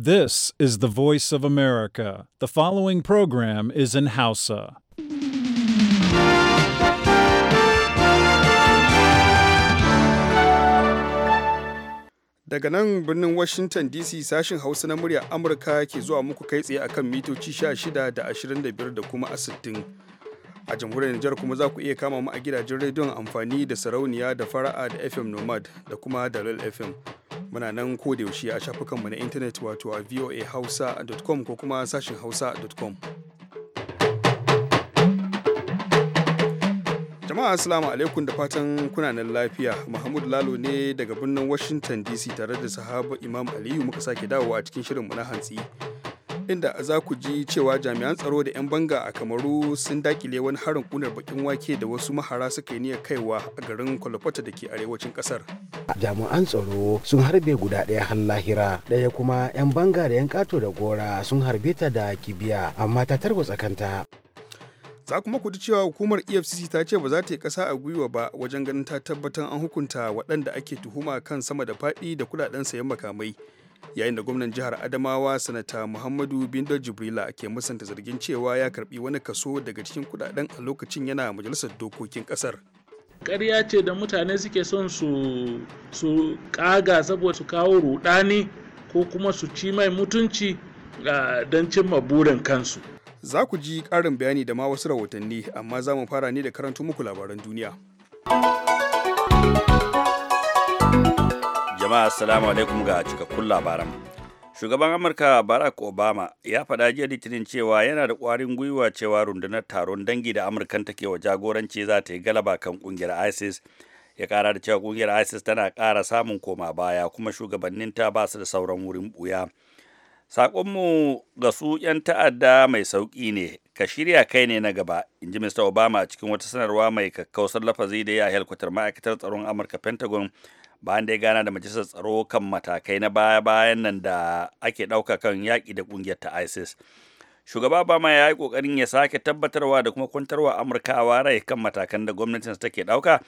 This is the voice of America. The following program is in Hausa. Daga nan birnin Washington DC sashin Hausa na murya Amurka ke zuwa muku kai tsaye akan mitoci 16 da 25 da kuma a 60. a jamhuriyar Nijar kuma za ku iya kama mu a gidajen rediyon amfani da sarauniya da fara'a da FM Nomad da kuma Dalal FM. Muna nan ko da yaushe a shafukanmu na intanet wato a voahausa.com ko kuma sashin hausa.com. Jama'a Assalamu alaikum da fatan kuna nan lafiya. Mahmud Lalo ne daga birnin Washington DC tare da sahaba Imam Aliyu muka sake dawowa a cikin shirinmu na hantsi. inda za ku ji cewa jami'an tsaro da 'yan banga a kamaru sun dakile wani harin kunar bakin wake da wasu mahara suka yi niyyar kaiwa a garin kwalafata da ke arewacin kasar jami'an tsaro sun harbe guda ɗaya har lahira ɗaya kuma 'yan banga da 'yan kato da gora sun harbe ta da kibiya amma ta tarwa kanta za kuma ku ji cewa hukumar efcc ta ce ba za ta yi kasa a gwiwa ba wajen ganin ta tabbatar an hukunta waɗanda ake tuhuma kan sama da faɗi da kudaden sayan makamai yayin da gwamnan jihar adamawa sanata muhammadu bindo jibrila ke musanta zargin cewa ya karbi wani kaso daga cikin kudaden a lokacin yana majalisar dokokin kasar karya ce da mutane suke son su su ƙaga saboda su kawo rudani ko kuma su ci mai mutunci don cimma burin kansu za ku ji ƙarin bayani da ma wasu rahotanni amma za mu fara ne da karantu muku labaran duniya jama'a assalamu alaikum ga cikakkun labaran shugaban amurka barack obama ya faɗa jiya litinin cewa yana da ƙwarin gwiwa cewa rundunar taron dangi da amurkan take wa jagoranci za ta yi galaba kan kungiyar isis ya kara da cewa kungiyar isis tana ƙara samun koma baya kuma shugabannin ta basu da sauran wurin buya saƙonmu ga su 'yan ta'adda mai sauƙi ne ka shirya kai ne na gaba in ji mista obama a cikin wata sanarwa mai kakkausar lafazi da ya helkwatar ma'aikatar tsaron amurka pentagon bayan da ya gana da majalisar tsaro kan matakai na baya-bayan nan da ake ɗauka kan yaƙi da ƙungiyar ta isis shugaba obama ya yi ƙoƙarin ya sake tabbatarwa da kuma kwantarwa amurka a rai kan matakan da gwamnatin take ɗauka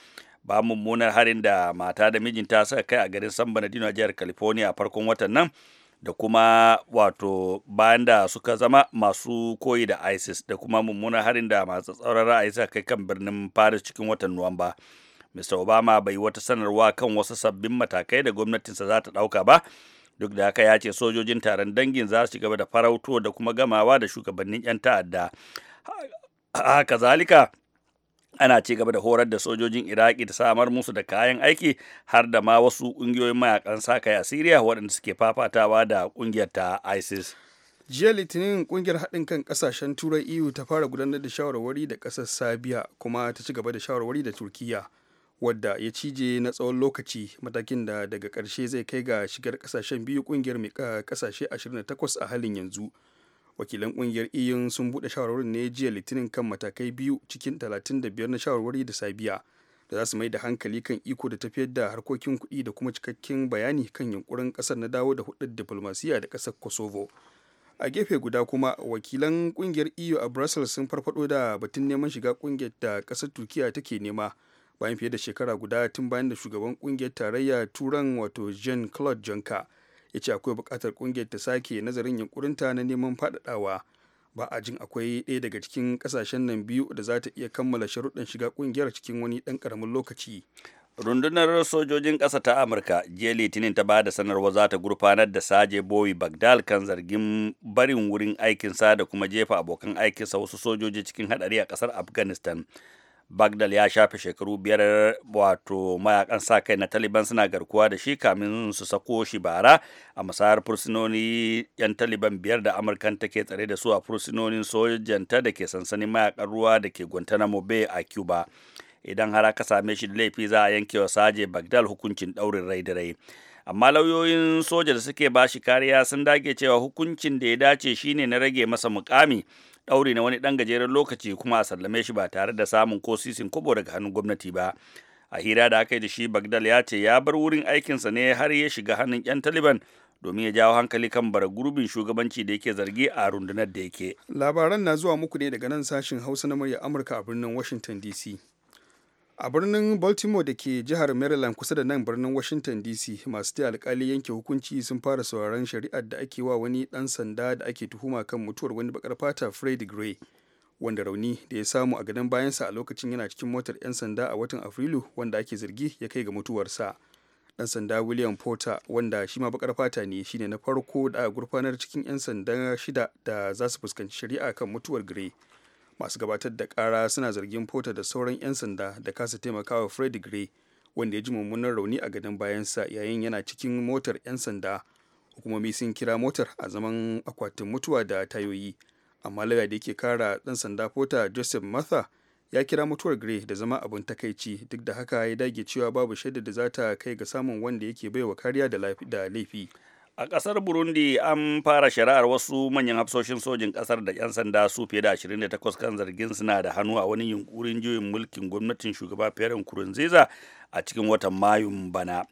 ba mummunar harin da mata da mijinta suka kai a garin san bernardino a jihar california a farkon watan nan da kuma wato bayan da suka zama masu koyi da isis da kuma mummunar harin da masu tsaron ra'ayi suka kai kan birnin paris cikin watan nuwamba mr obama bai wata sanarwa kan wasu sabbin matakai da gwamnatinsa za ta ɗauka ba duk da haka ya ce sojojin taron dangin za su gaba da farauto da kuma gamawa da shugabannin 'yan ta'adda haka zalika ana ci gaba da horar da sojojin iraki da samar musu da kayan aiki har da ma wasu ƙungiyoyin mayakan saka a siriya waɗanda suke fafatawa da ƙungiyar ta isis jiya litinin kungiyar haɗin kan ƙasashen turai eu ta fara gudanar da shawarwari da ƙasar sabiya kuma ta ci gaba da shawarwari da turkiyya wadda ya cije na tsawon lokaci matakin da daga ƙarshe zai kai ga shigar ƙasashen biyu ƙungiyar mai eh, ƙasashe 28 a halin yanzu wakilan ƙungiyar iyu e sun buɗe shawarwarin ne jiya litinin kan matakai biyu cikin 35 na shawarwari da sabiya da za su mai da hankali kan iko da tafiyar da harkokin kuɗi da kuma cikakken bayani kan yunkurin ƙasar na dawo da hudar diplomasiya da ƙasar kosovo a gefe guda kuma wakilan ƙungiyar eu a brussels sun farfado da batun neman shiga ƙungiyar da ƙasar turkiya take nema bayan fiye da shekara guda tun bayan da shugaban kungiyar tarayya turan wato jean claude juncker ya ce akwai bukatar kungiyar ta sake nazarin yunkurinta na neman faɗaɗawa ba a jin akwai ɗaya daga cikin kasashen nan biyu da za ta iya kammala sharuɗan shiga kungiyar cikin wani ɗan karamin lokaci rundunar sojojin ƙasa ta amurka jiya litinin ta bada sanarwa za ta gurfanar da saje boyi bagdal kan zargin barin wurin aikinsa da kuma jefa abokan aikinsa wasu sojoji cikin haɗari a ƙasar afghanistan bagdal ya shafe shekaru biyar wato mayakan sa kai na taliban suna garkuwa da shi kamin su sako shi bara a masayar fursunoni yan taliban biyar da amurkan take tsare da su a fursunonin sojanta da ke sansanin mayakan ruwa da ke guantanamo bay a cuba idan har aka same shi da laifi za a yanke wa saje bagdal hukuncin ɗaurin rai da rai amma lauyoyin soja da suke bashi kariya sun dage cewa hukuncin da ya dace shine na rage masa mukami ɗaure na wani ɗan gajeren lokaci kuma a sallame shi ba tare da samun ko sisin kobo daga hannun gwamnati ba a hira da aka yi da shi bagdal ya ce ya bar wurin aikinsa ne har ya shiga hannun 'yan taliban domin ya jawo hankali kan bara gurbin shugabanci da yake zargi a rundunar da yake labaran na zuwa muku ne daga nan sashin hausa na murya amurka a birnin washington dc a birnin baltimore da ke jihar maryland kusa da nan birnin washington dc masu ta alkali yanke hukunci sun fara sauraron shari'ar da ake wa wani dan sanda da ake tuhuma kan mutuwar wani bakar fata fred gray wanda rauni da ya samu a gadon bayansa a lokacin yana cikin motar 'yan sanda a watan afrilu wanda ake zargi ya kai ga mutuwarsa dan sanda william porter wanda shi ma bakar fata ne shine na farko da gurfanar cikin 'yan sanda shida da za su fuskanci shari'a kan mutuwar gray masu gabatar da kara suna zargin fota da sauran 'yan sanda da kasa taimakawa fred gray wanda ya ji mummunan rauni a gadon bayansa yayin yana cikin motar 'yan sanda hukumomi sun kira motar a zaman akwatin mutuwa da tayoyi amma lauya da yake kara dan sanda fota joseph martha ya kira mutuwar gray da zama abin takaici duk da haka ya dage cewa babu shaida da za ta kai ga samun wanda yake baiwa kariya da laifi A ƙasar Burundi an fara shari'ar wasu manyan hafsoshin sojin ƙasar da 'yan sanda su fiye da 28 kan zargin suna da hannu a wani yunkurin juyin mulkin gwamnatin shugaba Pierre Nkurunziza a cikin watan Mayun bana.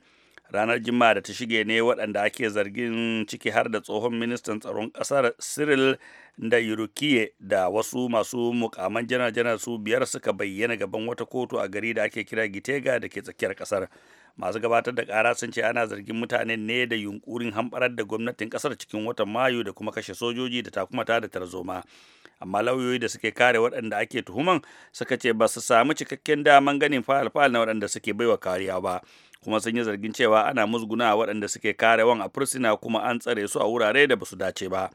Ranar Juma'a da ta shige ne waɗanda ake zargin ciki har da tsohon ministan tsaron ƙasar Cyril da Yurukiye da wasu masu mukaman janar-janar su biyar suka bayyana gaban wata kotu a gari da ake kira Gitega da ke tsakiyar ƙasar. masu gabatar da kara sun ce ana zargin mutanen ne da yunkurin hamɓarar da gwamnatin ƙasar cikin watan mayu da kuma kashe sojoji da takumata da tarzoma amma lauyoyi da suke kare waɗanda ake tuhuman suka ce ba su samu cikakken daman ganin fayal fayal na waɗanda suke baiwa kariya ba kuma sun yi zargin cewa ana musguna a waɗanda suke kare wan a fursuna kuma an tsare su a wurare da ba su dace ba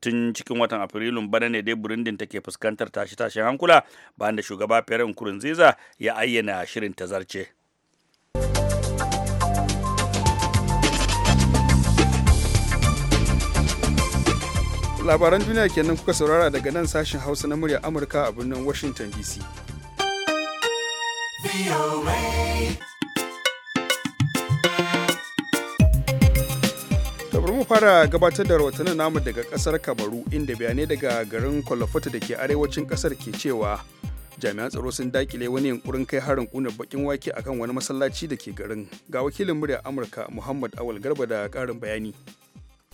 tun cikin watan afrilun bana ne dai burundin take fuskantar tashe-tashen hankula bayan da shugaba pierre nkurunziza ya ayyana shirin tazarce labaran duniya kenan kuka saurara daga nan sashen hausa na murya amurka a birnin washington dc mu fara gabatar da rahotannin namu daga kasar kamaru inda bayanai daga garin kwalafoto da ke arewacin kasar ke cewa jami'an tsaro sun dakile wani yunkurin kai harin kunar bakin wake akan wani masallaci da ke garin ga wakilin murya amurka muhammad awal garba da karin bayani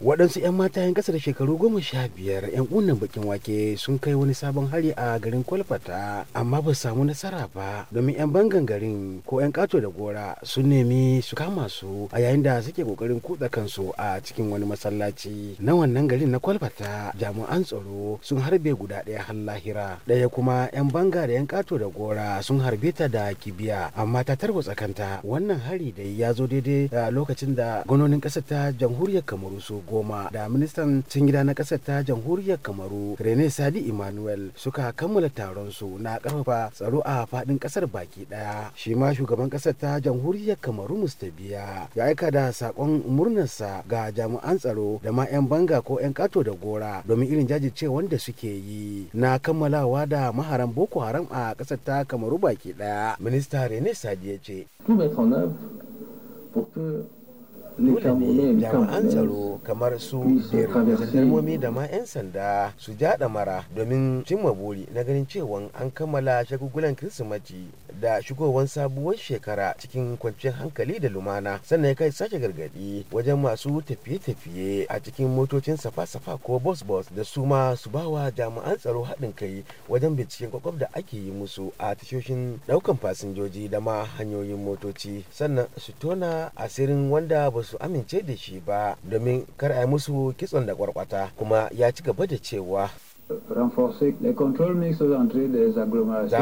waɗansu 'yan mata 'yan ƙasa da shekaru goma sha biyar 'yan ƙunan bakin wake sun kai wani sabon hari a garin kwalfata amma ba samu nasara ba domin 'yan bangan garin ko 'yan ƙato da gora sun nemi su kama su a yayin da suke ƙoƙarin kutsa kansu a cikin wani masallaci na wannan garin na kwalfata jami'an tsaro sun harbe guda ɗaya har lahira ɗaya kuma 'yan banga da 'yan ƙato da gora sun harbe ta da kibiya amma ta tarwatsa kanta wannan hari dai ya zo daidai a lokacin da gwanonin ƙasa ta jamhuriyar kamaru su goma da ministan cin gida na ƙasar ta jamhuriyar kamaru rene sadi emmanuel suka kammala taron su na ƙarfafa tsaro a faɗin ƙasar baki ɗaya shi ma shugaban ƙasar ta jamhuriyar kamaru mustabiya ya aika da saƙon murnarsa ga jami'an tsaro da ma 'yan banga ko 'yan kato da gora domin irin jajirce wanda suke yi na kammalawa da maharan boko haram a ƙasar ta kamaru baki ɗaya minista rene sadi ya ce dole ne jami'an tsaro kamar su jandarmomi da ma 'yan sanda su jaɗa mara domin cimma buri na ganin cewa an kammala shagugulan kirsimati da shigowar sabuwar shekara cikin kwanciyar hankali da lumana sannan ya kai sake gargadi wajen masu tafiye-tafiye a cikin motocin safa-safa ko bus-bus da su ma su bawa jami'an tsaro haɗin kai wajen binciken kwakwaf da ake yi musu a tashoshin ɗaukan fasinjoji da ma hanyoyin motoci sannan su tona asirin wanda ba su amince da shi ba domin kar a yi musu kitson da kwarkwata kuma ya ci gaba da cewa za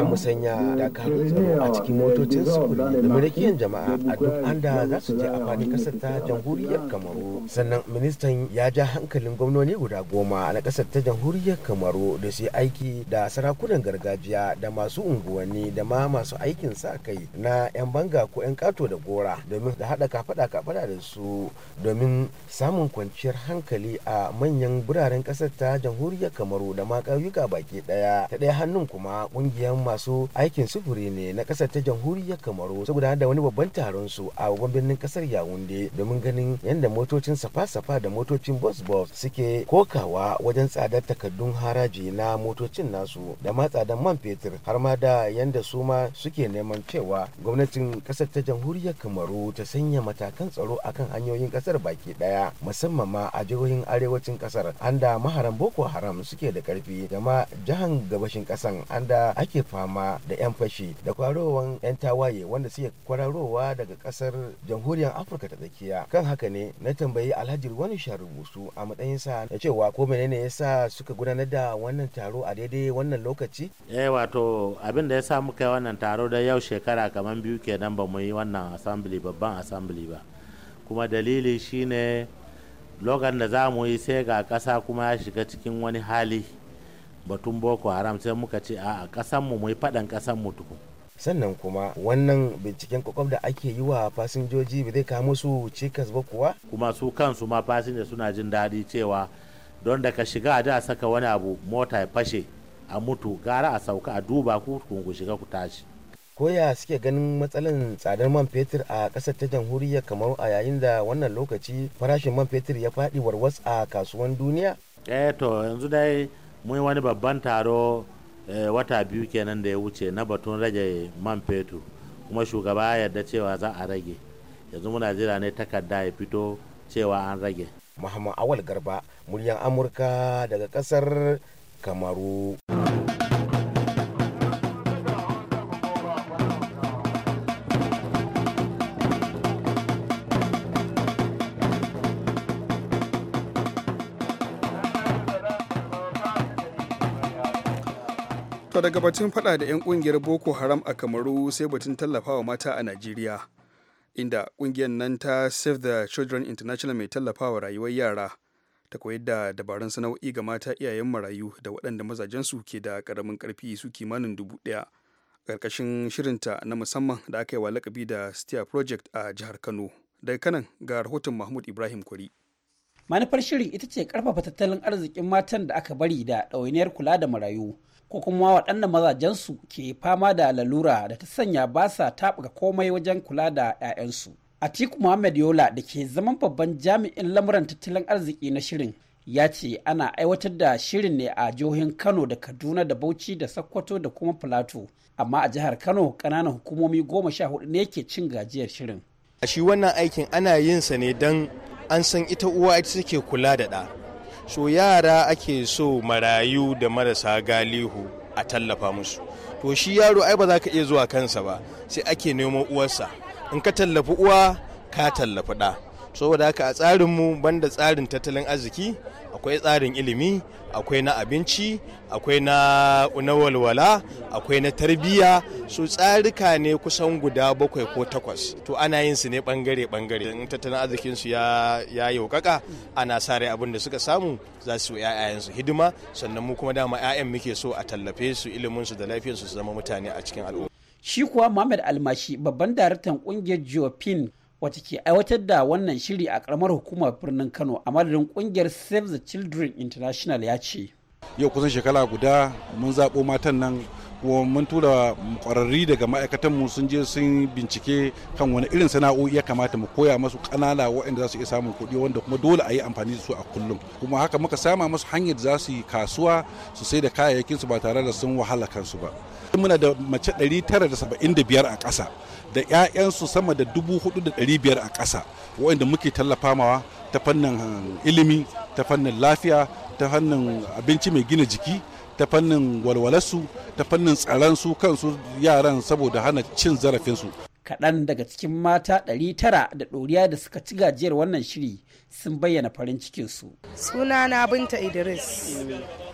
mu sanya dakarun tsaro a cikin motocin sufuri da mulkiyar jama'a a duk anda za su je a faɗi ƙasar ta jamhuriyar kamaru sannan ministan ya ja hankalin gwamnoni guda goma na ƙasar ta jamhuriyar kamaru da su aiki da sarakunan gargajiya da masu unguwanni da ma masu aikin sa kai na 'yan banga ko 'yan kato da gora domin da haɗa kafaɗa kafada da su domin samun kwanciyar hankali a manyan biraren ƙasar ta jamhuriyar kamaru da ma ƙauyuka baki ɗaya. Ta ɗaya hannun kuma ƙungiyar masu aikin sufuri ne na ƙasar ta jamhuriyar Kamaru su gudanar da wani babban taron su a babban birnin ƙasar yawunde domin ganin yadda motocin safa-safa da motocin bus-bus suke kokawa wajen tsadar takardun haraji na motocin nasu da ma tsadar man fetur har ma da yadda su ma suke neman cewa gwamnatin ƙasar ta jamhuriyar Kamaru ta sanya matakan tsaro akan hanyoyin ƙasar baki ɗaya musamman ma a jihohin arewacin ƙasar an da maharan Boko Haram suke da karfi da ma jihar gabashin kasan anda ake fama da 'yan fashi da kwarowar 'yan tawaye wanda suke kwararowa daga kasar jamhuriyar afirka ta tsakiya kan haka ne na tambayi alhaji wani sharubusu a matsayin sa da cewa ko menene yasa suka gudanar da wannan taro a daidai wannan lokaci eh wato abin da ya sa muka yi wannan taro da yau shekara kamar biyu kenan ba mu yi wannan assembly babban assembly ba kuma dalili shine logan da za mu yi sai ga ƙasa kuma ya shiga cikin wani hali batun boko haram sai muka ce a ƙasanmu mu yi faɗan ƙasanmu tukun sannan kuma wannan binciken kwakwam da ake yi wa fasinjoji ba zai kawo musu cikas ba kuwa kuma su kansu ma fasinja suna jin daɗi cewa don da ka shiga a da saka wani abu mota ya fashe a mutu gara a sauka a duba ku ku shiga ku tashi koya suke ganin matsalan tsadar man fetur a ƙasar ta jamhuriyar kamar a yayin da wannan lokaci farashin man fetur ya faɗi warwas a kasuwan duniya? eh to yanzu dai mun wani babban taro eh, wata biyu kenan da ya wuce na batun rage man fetur kuma shugaba ya yarda cewa za a rage yanzu muna jira ne takarda ya fito cewa an rage muhammad awal garba muryan amurka daga kasar kamaru. To daga batun fada da 'yan kungiyar Boko Haram a Kamaru sai batun tallafawa mata a Najeriya. Inda kungiyar nan ta Save the Children International mai tallafawa rayuwar yara ta koyar da dabarun sana'o'i ga mata iyayen marayu da waɗanda mazajensu ke da ƙaramin ƙarfi su kimanin dubu ɗaya. Ƙarƙashin shirinta na musamman da aka yi wa lakabi da Stia Project a jihar Kano. Daga kanan ga rahoton Mahmud Ibrahim Kwari. Manufar shirin ita ce karfafa tattalin arzikin matan da aka bari da ɗawainiyar kula da marayu. ko kuma waɗanda mazajensu ke fama da lalura da ta sanya ba sa taɓuka komai wajen kula da 'ya'yansu. Atiku Muhammad Yola da ke zaman babban jami'in lamuran tattalin arziki na shirin ya ce ana aiwatar da shirin ne a jihohin Kano da Kaduna da Bauchi da Sokoto da kuma Filato, amma a jihar Kano ƙananan hukumomi goma sha hudu ne ke cin gajiyar shirin. A Shi wannan aikin ana yin sa ne don an san ita uwa ita take kula da ɗa. so yara ake so marayu da marasa galihu a tallafa musu to shi yaro ai ba za ka iya zuwa kansa ba sai ake nemo uwarsa in ka tallafi uwa ka tallafi ɗa saboda haka a tsarinmu banda tsarin tattalin arziki akwai tsarin ilimi akwai na abinci akwai na, walwala akwai na tarbiyya su tsarika ne kusan guda bakwai ko takwas to ana yin su ne bangare bangare in tattalin arzikin su ya ya yaukaka ana sa rai abin da suka samu za su yi su hidima sannan mu kuma dama yayan muke so a tallafe su ilimin su da lafiyar su zama mutane a cikin al'umma shi kuwa Muhammad Almashi babban daraktan kungiyar jopin wacce ke aiwatar da wannan shiri a karamar hukumar birnin kano a madadin kungiyar save the children international ya ce yau kusan shekara guda mun zaɓo matan nan kuma mun tura kwararri daga mu sun je sun bincike kan wani irin sana'o'i ya kamata mu koya masu ƙanana waɗanda za su iya samun kuɗi wanda kuma dole a yi amfani da su a kullum kuma haka muka sama masu hanyar da za su yi kasuwa su sai da kayayyakinsu ba tare da sun wahala kansu ba muna da mace 975 a ƙasa da 'ya'yansu sama da 4,500 a ƙasa waɗanda muke tallafa mawa ta fannin ilimi ta fannin lafiya ta fannin abinci mai gina jiki ta fannin walwalarsu ta fannin tsaransu kansu yaran saboda hana cin zarafinsu kaɗan daga cikin mata 900 da ɗoriya da suka ci gajiyar wannan shiri sun bayyana farin cikinsu. Sunana Binta Idris.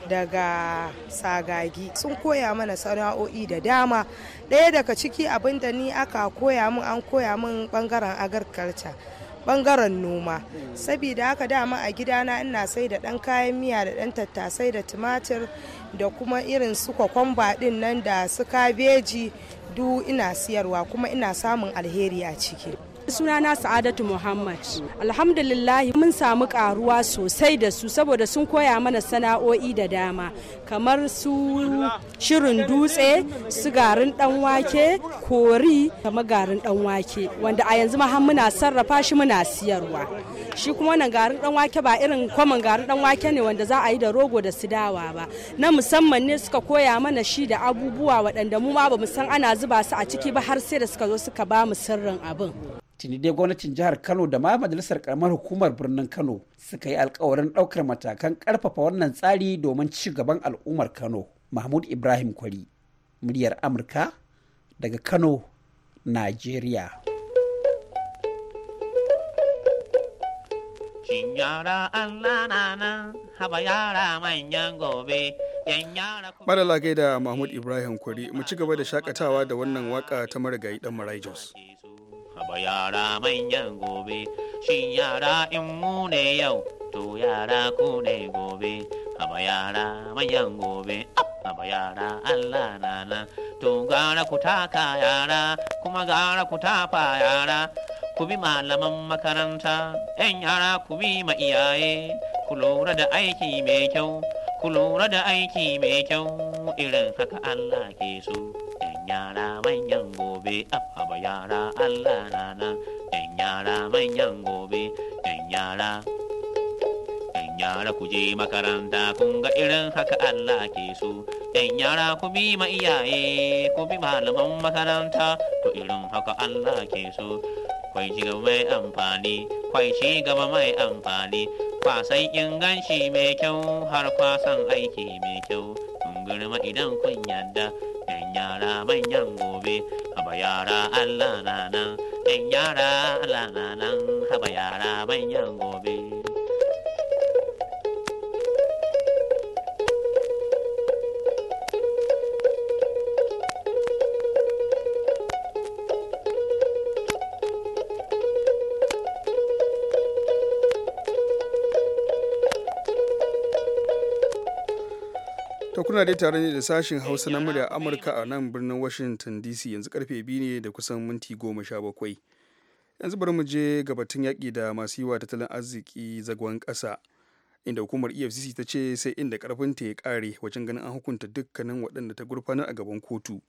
daga sagagi sun koya mana sana'o'i da dama ɗaya daga ciki abin da ni aka koya min an koya min bangaren agarkarta bangaren noma saboda haka dama a gidana ina sai da ɗan kayan miya da ɗan tattasai da tumatir da kuma irin su kwakwamba ɗin nan da su kabeji du ina siyarwa kuma ina samun alheri a ciki sunana sa'adatu muhammad alhamdulillahi mun samu karuwa sosai da su saboda sun koya mana sana'o'i da dama kamar su shirin dutse su garin dan kori kamar garin dan wanda a yanzu ma muna sarrafa shi muna siyarwa shi kuma wannan garin dan wake ba irin kwaman garin dan wake ne wanda za a yi da rogo da sidawa ba na musamman ne suka koya mana shi da abubuwa waɗanda mu ma ba san ana zuba su a ciki ba har sai da suka zo suka ba mu sirrin abin tuni dai gwamnatin jihar kano da ma majalisar karamar hukumar birnin kano suka yi alkawarin ɗaukar matakan karfafa wannan tsari domin ci gaban al'ummar kano mahmud ibrahim kwari muryar amurka daga kano nigeria Shin yara Allah Mahmud Ibrahim Kwari mu ci gaba da shakatawa da wannan waka ta marigayi dan marijos yara manyan gobe shin yara in mu ne yau to yara ku ne gobe raba yara manyan gobe raba yara allah nana to gara ku taka yara kuma gara ku tafa yara ku bi malaman makaranta 'yan yara ku bi ma iyaye ku lura da aiki mai kyau ku lura da aiki mai kyau irin haka allah ke so yara manyan gobe abba yara Allah na yan yara manyan gobe yan yara yan yara ku je makaranta kun ga irin haka Allah ke so yan yara ku bi ma iyaye ku bi malaman makaranta to irin haka Allah ke so kwai ci gaba mai amfani kwai ci gaba mai amfani kwasan inganci mai kyau har kwasan aiki mai kyau kun girma idan kun yadda 'yan yara manyan gobe haba yara allah na nan 'yan yara allah nan kuna dai tare ne da sashin hausa na murya amurka a nan birnin washington dc yanzu karfe biyu ne da kusan minti goma sha bakwai yanzu bari mu je gabatun yaƙi da masu yi wa tattalin arziki zagon ƙasa inda hukumar efcc ta ce sai inda ta ya kare wajen ganin an hukunta dukkanin waɗanda ta gurfanar a gaban kotu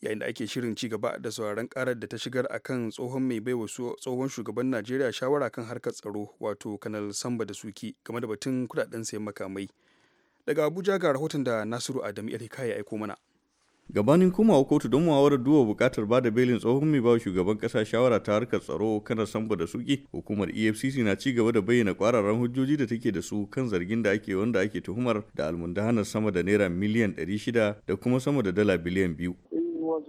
yayin da ake shirin ci gaba da sauraron karar da ta shigar akan tsohon mai baiwa tsohon shugaban najeriya shawara kan harkar tsaro wato kanal samba da suki game da batun kudaden sayan makamai daga abuja ga rahoton da nasiru adamu ilhika ya aiko mana gabanin komawa kotu don muhawarar duwa bukatar ba da belin tsohon mai ba shugaban kasa shawara ta harkar tsaro kanar samba da suki hukumar efcc na ci gaba da bayyana kwararren hujjoji da take da su kan zargin da ake wanda ake tuhumar da almundahanar sama da naira miliyan 600 da kuma sama da dala biliyan biyu was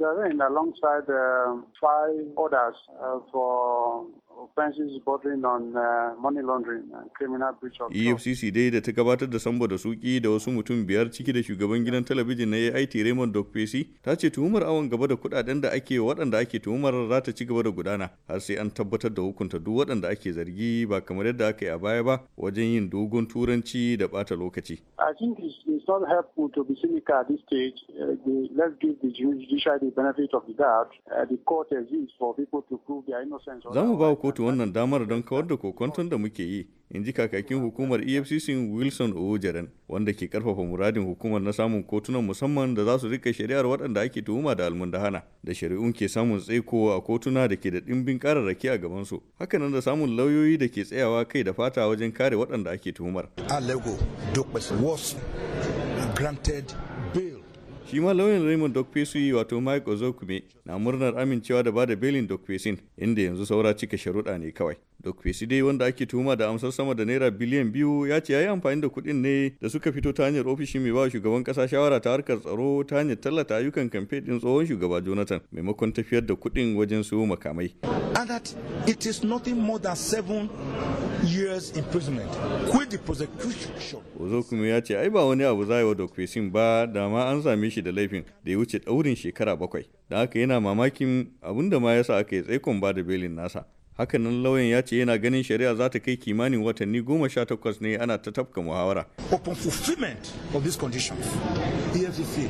offenses bordering on uh, money laundering and uh, criminal breach of EFCC dai da ta gabatar da sambo da suki da wasu mutum biyar ciki da shugaban gidan talabijin na AIT Raymond Dokpesi ta ce tuhumar awon gaba da kudaden da ake waɗanda ake tuhumar za ta ci gaba da gudana har sai an tabbatar da hukunta duk waɗanda ake zargi ba kamar yadda aka yi a baya ba wajen yin dogon turanci da bata lokaci. I think it's not helpful to be cynical at this stage. Uh, the, let's give the judiciary the benefit of the doubt. Uh, the court exists for people to prove their innocence. Za mu ba kotu wannan damar don kawar da kokonton da muke yi in ji kakakin hukumar efcc wilson ojeren wanda ke karfafa muradin hukumar na samun kotunan musamman da za su rika shari'ar waɗanda ake tuhuma da almundahana da shari'un ke samun tsaiko a kotuna da ke da ɗimbin kararraki a gaban gabansu hakanan da samun lauyoyi da ke tsayawa kai da fata wajen kare waɗanda ake tuhumar shi ma lauyan Raymond yi wato Mike Ozokume na murnar amincewa da bada belin Dokpesin inda yanzu saura cika sharuɗa ne kawai. Dokpesi dai wanda ake tuhuma da amsar sama da naira biliyan biyu ya ce ya yi amfani da kuɗin ne da suka fito ta hanyar ofishin mai ba shugaban ƙasa shawara ta harkar tsaro ta hanyar tallata ayyukan kamfe ɗin tsohon shugaba Jonathan maimakon tafiyar da kuɗin wajen su makamai. And that it is nothing more than seven years imprisonment. the prosecution. Ozokume ya ce ai ba wani abu za yi wa Dokpesin ba da ma an same shi da laifin da ya wuce ɗaurin shekara bakwai da haka yana mamakin abin da ma ya sa aka yi tsaikon ba da belin nasa hakanan lauyan ya ce yana ganin shari'a za ta kai kimanin watanni goma sha takwas ne ana ta tafka muhawara. upon fulfillment of efcc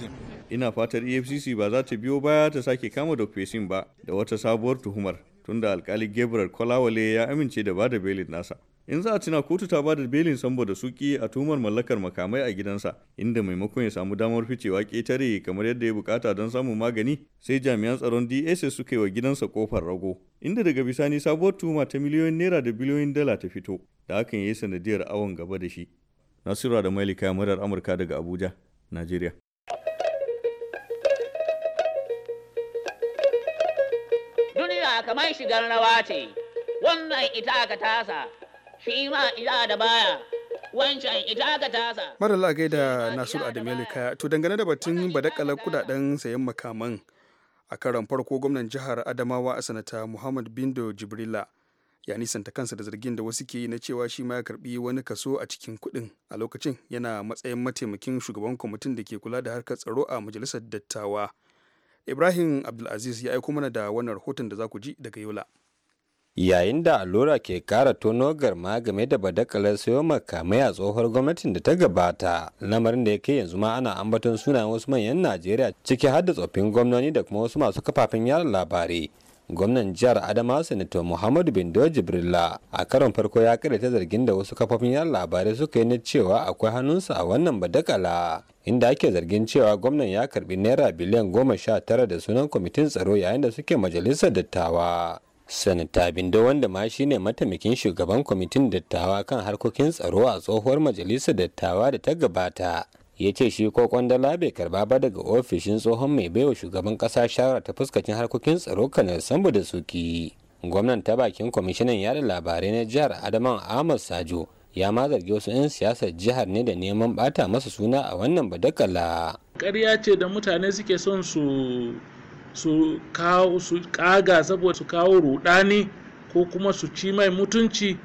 e ina fatar efcc ba za ta biyo baya ta sake kama da dokfesin ba da wata sabuwar tuhumar tunda alkali gabriel kwalawale ya amince da bada belin nasa in za a cina kotu ta ba da belin sambo da suki a tumar mallakar makamai a gidansa inda maimakon ya samu damar ficewa ketare kamar yadda ya bukata don samun magani sai jami'an tsaron dss suka yi wa gidansa kofar rago inda daga bisani sabuwar tuma ta miliyoyin naira da biliyoyin dala ta fito da hakan ya yi sanadiyar awon gaba da shi nasiru da mailika murar amurka daga abuja nigeria. duniya kamar shigar rawa ce wannan ita aka tasa shi ma ita da baya wancan ita nasiru adamele kaya to dangane da batun badakalar kudaden sayan makaman a karon farko gwamnan jihar adamawa a sanata muhammad bindo jibrila ya nisanta kansa da zargin da wasu ke yi na cewa shi ma ya karbi wani kaso a cikin kuɗin a lokacin yana matsayin mataimakin shugaban kwamitin da ke kula da harkar tsaro a majalisar dattawa ibrahim abdulaziz ya aiko mana da wannan rahoton da za ku ji daga yola yayin da allura ke kara tono garma game da badakalar sayo makamai a tsohuwar gwamnatin da ta gabata lamarin da ya kai yanzu ma ana ambaton sunayen wasu manyan najeriya ciki har da tsoffin gwamnoni da kuma wasu masu kafafen yara labarai gwamnan jihar adama senator muhammadu bindo jibrilla a karon farko ya ta zargin da wasu kafofin yara labarai suka yi na cewa akwai hannunsa a wannan badakala inda ake zargin cewa gwamnan ya karbi naira biliyan goma sha tara da sunan kwamitin tsaro yayin da suke majalisar dattawa sanata bindo wanda ma ne mataimakin shugaban kwamitin dattawa kan harkokin tsaro a tsohuwar majalisar dattawa da ta gabata ya ce shi ko kwandala bai karba ba daga ofishin tsohon mai baiwa shugaban kasa shawara ta fuskacin harkokin tsaro kanar sambu da suki gwamnan ta bakin kwamishinan yada labarai na jihar adaman ahmad sajo ya ma zargi wasu 'yan siyasar jihar ne da neman bata masa suna a wannan badakala ƙarya ce da mutane suke son su su kawo su kaga saboda su kawo rudani ko kuma su ci mai mutunci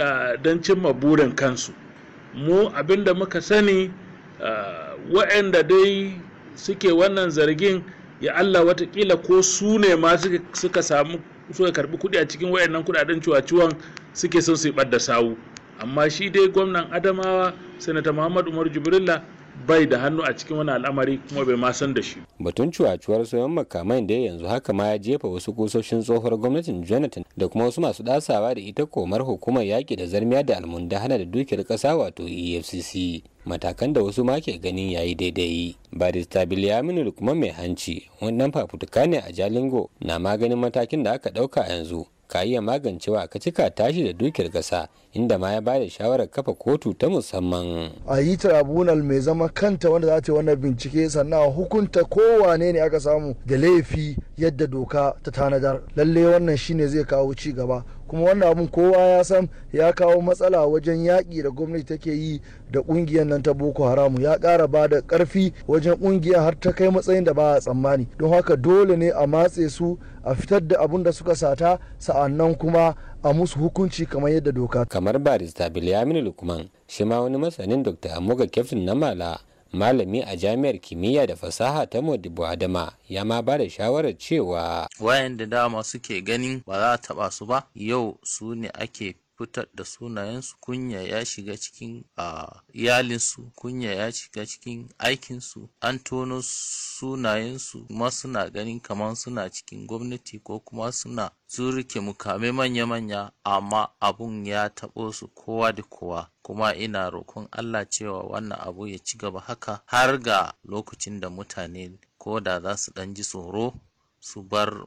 ah, don cimma burin kansu mu abinda muka sani ah, wa'anda dai suke wannan zargin ya Allah watakila ko su ne ma suka samu suka karbi kuɗi a cikin wayannan kuɗaɗen ciwaciwan suke son su yi ɓadda sawu amma shi dai gwamnan adamawa sanata muhammad umar jibrilla bai da hannu a cikin wani al'amari kuma bai ma san da shi. Batun cuwacuwar soyon makamai da yanzu haka ma ya jefa wasu kusoshin tsohuwar gwamnatin Jonathan da kuma wasu masu dasawa da ita komar hukumar yaƙi da zarmiya da almundahana da dukiyar ƙasa wato EFCC. matakan da wasu ma ke ganin yayi daidai barista da kuma mai hanci wannan fafutuka ne a jalingo na maganin matakin da aka ɗauka yanzu ka iya magancewa ka cika tashi da dukiyar ƙasa inda ma ya ba da shawarar kafa kotu ta musamman. A yi tribunal mai zama kanta wanda za ta yi wannan bincike sannan a hukunta kowane ne aka samu da laifi yadda doka ta tanadar. lallai wannan shine zai kawo ci gaba kuma wannan abun kowa ya san ya kawo matsala wajen yaƙi da gwamnati take yi da ƙungiyar nan ta boko haramu ya ƙara ba da ƙarfi wajen ƙungiyar har ta kai matsayin da ba a tsammani don haka dole ne a matse su a fitar da abun da suka sata sa'annan kuma a musu hukunci kamar yadda doka kamar barista bilyamin lukman shi ma wani masanin dokta amoga keftin na mala malami a jami'ar kimiyya da fasaha ta modibo adama ya ma ba da shawarar cewa wayanda dama suke ganin ba za a taba su ba yau su ne ake fitar da sunayensu kunya ya shiga cikin iyalinsu kunya ya shiga cikin aikinsu an tono sunayensu kuma suna ganin kamar suna cikin gwamnati ko kuma suna sun rike mukame manya-manya amma abun ya taɓo su kowa da kowa kuma ina roƙon Allah cewa wannan abu ya ci gaba haka har ga lokacin da mutane ko da za su ɗan ji tsoro su bar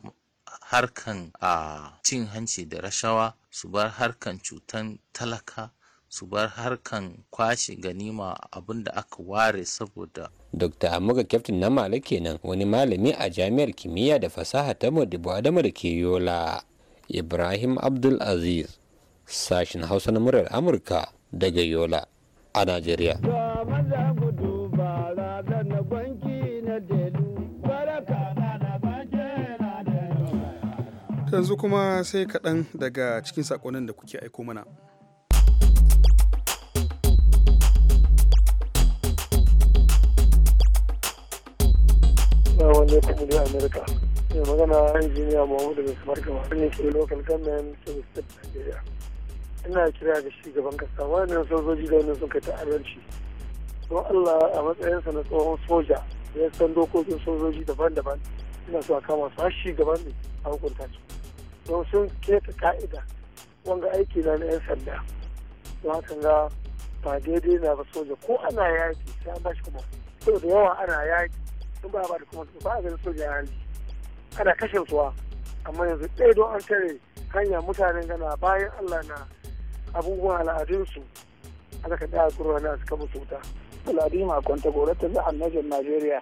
harkan a cin hanci da rashawa su bar harkan cutan talaka su bar harkan kwashe ganima abin da aka ware saboda dokta amurka Kyaftin na Mala kenan wani malami a jami'ar kimiyya da fasaha ta Modibo Adamu da ke Yola. Ibrahim Abdul Aziz, sashen Hausa na murar Amurka daga Yola a Najeriya. yanzu kuma sai kaɗan daga cikin saƙonin da kuke aiko mana. Assalamu alaikum da Amerika. Mai magana injiniya Muhammadu daga kamar gaba ne ke local government service state Nigeria. Ina kira ga shugaban kasa wannan sojoji da wannan sun kai ta'arranci. Don Allah a matsayinsa na tsohon soja ya san dokokin sojoji daban-daban. Ina so a kama su har shugaban ne a hukunta su. don sun keta ka'ida wanga aiki na na 'yan sanda don haka ga ba daidai na ba soja ko ana yaki sai an bashi kuma sau da yawa ana yaki sun ba ba da kuma ba a ganin soja hali ana kashe suwa amma yanzu ɗaya don an tare hanya mutanen gana bayan allah na abubuwan al'adunsu aka kaɗa a kurwa na suka musu wuta. Kwanta Kwantagoro ta jihar Najeriya.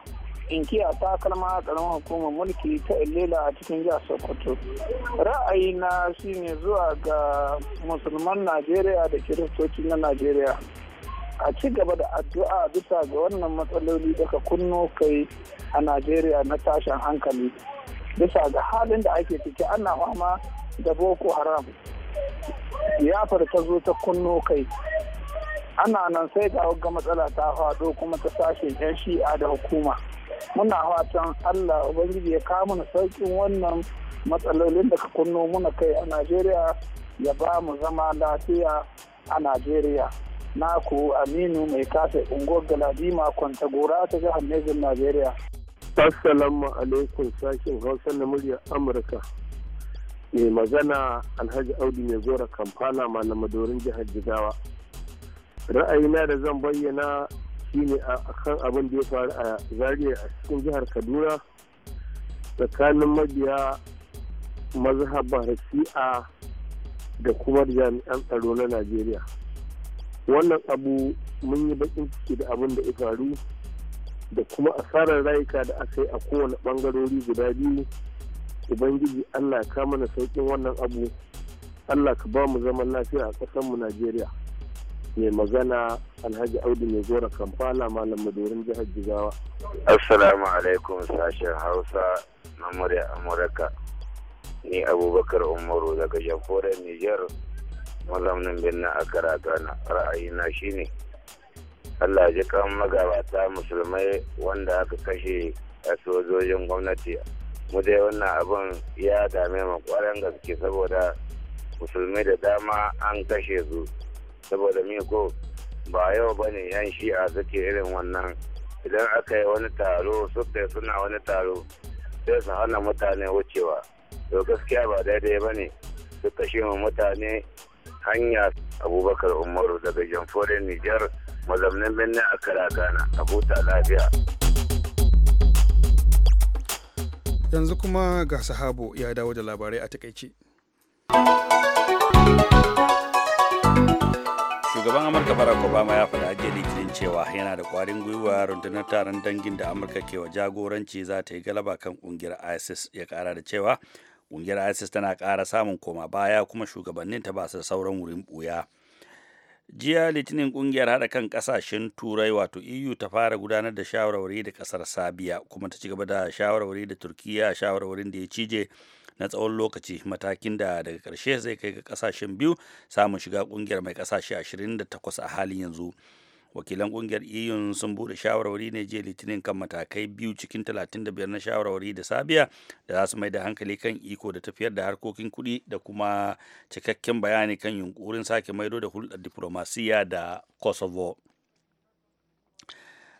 inkiya ta kalma karamar hukumar mulki ta illela a cikin jihar sokoto ra'ayi na shi ne zuwa ga musulman najeriya da kiristoci na najeriya a ci gaba da addu'a bisa ga wannan matsaloli daga kunno kai a najeriya na tashin hankali bisa ga halin da ake ciki ana fama da boko haram yafar ta zo ta kunno kai ana nan sai ga matsala ta faɗo kuma ta sashe 'yan shi'a da hukuma muna fatan allah ubangiji ya kawo mana sauƙin wannan matsalolin da ka kunno muna kai a najeriya ya ba mu zama lafiya a najeriya naku aminu mai kase unguwar galadima kwanta gora ta jihar nejin najeriya assalamu alaikum sashen hausa na murya amurka mai magana alhaji audu mai gora kamfana malamadorin jihar jigawa ra'ayina da zan bayyana shine a kan abin da ya faru a zariya a cikin jihar kaduna tsakanin mabiya mazhabar shi'a da kuma jami'an tsaro na najeriya wannan abu mun yi bakin ciki da abin da ya faru da kuma asarar rayuka da aka yi a kowane bangarori guda biyu ubangiji allah ya ka mana saukin wannan abu allah ka ba mu zaman lafiya a ƙasarmu najeriya mai magana alhaji audu mai zora kamfala malam madorin jihar jigawa assalamu alaikum sashen hausa na murya amurka ni abubakar umaru daga jamhuriyar niger malamnin birnin akara ghana ra'ayina shine allah ji kan magabata musulmai wanda aka kashe a sojojin gwamnati mu dai wannan abin ya dame mu kwarin gaske saboda musulmai da dama an kashe su saboda mi ko ba yau ba ne yan shi'a suke irin wannan idan aka yi wani taro suka suna wani taro sai su hana mutane wucewa to gaskiya ba daidai ba ne su kashe mutane hanya abubakar umaru daga jamforin nijar mazamnin birni a karagana a huta lafiya yanzu kuma ga sahabo ya dawo da labarai a takaici. shugaban amurka barack obama ya faɗa jiya litinin cewa yana da ƙwarin gwiwa rundunar taron dangin da amurka ke wa jagoranci za ta yi galaba kan ƙungiyar isis ya ƙara da cewa ƙungiyar isis tana ƙara samun koma baya kuma shugabannin ta ba su da sauran wurin ɓuya jiya litinin ƙungiyar haɗa kan ƙasashen turai wato eu ta fara gudanar da shawarwari da ƙasar sabiya kuma ta ci gaba da shawarwari da turkiya shawarwarin da ya cije na tsawon lokaci matakin da daga karshe zai kai ga kasashen biyu samun shiga ƙungiyar mai ƙasashe 28 a halin yanzu wakilan kungiyar iyun e sun bude shawarwari ne jiya litinin kan matakai biyu cikin 35 na shawarwari da sabiya da za su mai da hankali kan iko da tafiyar da harkokin kuɗi da kuma cikakken bayani kan yunkurin sake maido da hulɗar diplomasiya da kosovo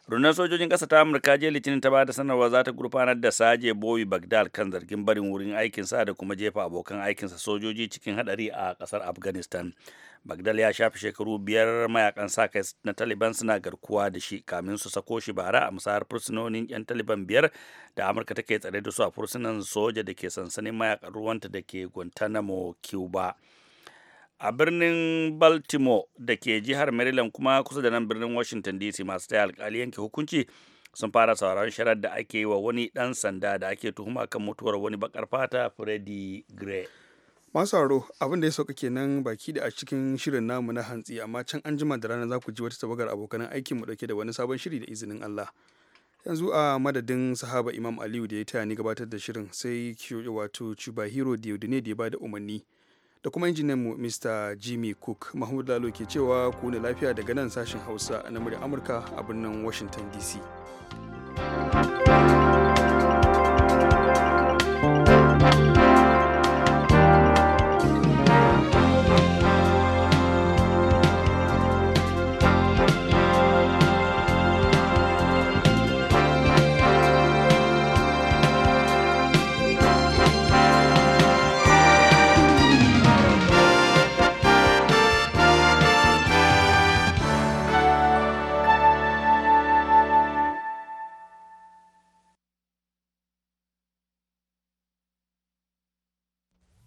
rundunar sojojin ƙasa ta amurka jiya litinin ta bada sanarwa za ta gurfanar da saje boyi bagdal kan zargin barin wurin aikinsa da kuma jefa abokan aikinsa sojoji cikin hadari a ƙasar afghanistan bagdal ya shafi shekaru biyar mayakan sa kai na taliban suna garkuwa da shi kamin su sako shi bara a musayar fursunonin yan taliban biyar da amurka take tsare da su a fursunan soja da ke sansanin mayakan ruwanta da ke guantanamo cuba a birnin baltimore da ke jihar maryland kuma kusa da nan birnin washington dc masu taya alkali yanke hukunci sun fara sauraron sharar da ake yi wa wani dan sanda da ake tuhuma kan mutuwar wani bakar fata freddy gray masu haro abin da ya sauka kenan baki da a cikin shirin namu na hantsi amma can an jima da rana za ku ji wata tabagar abokan aikin mu dauke da wani sabon shiri da izinin Allah yanzu a madadin sahaba imam aliyu da ya taya ni gabatar da shirin sai wato da diodine da ya bada umarni da kuma mu mr jimmy cook mahmud lalo ke cewa ku ne lafiya daga nan sashen hausa na murya amurka a birnin washington dc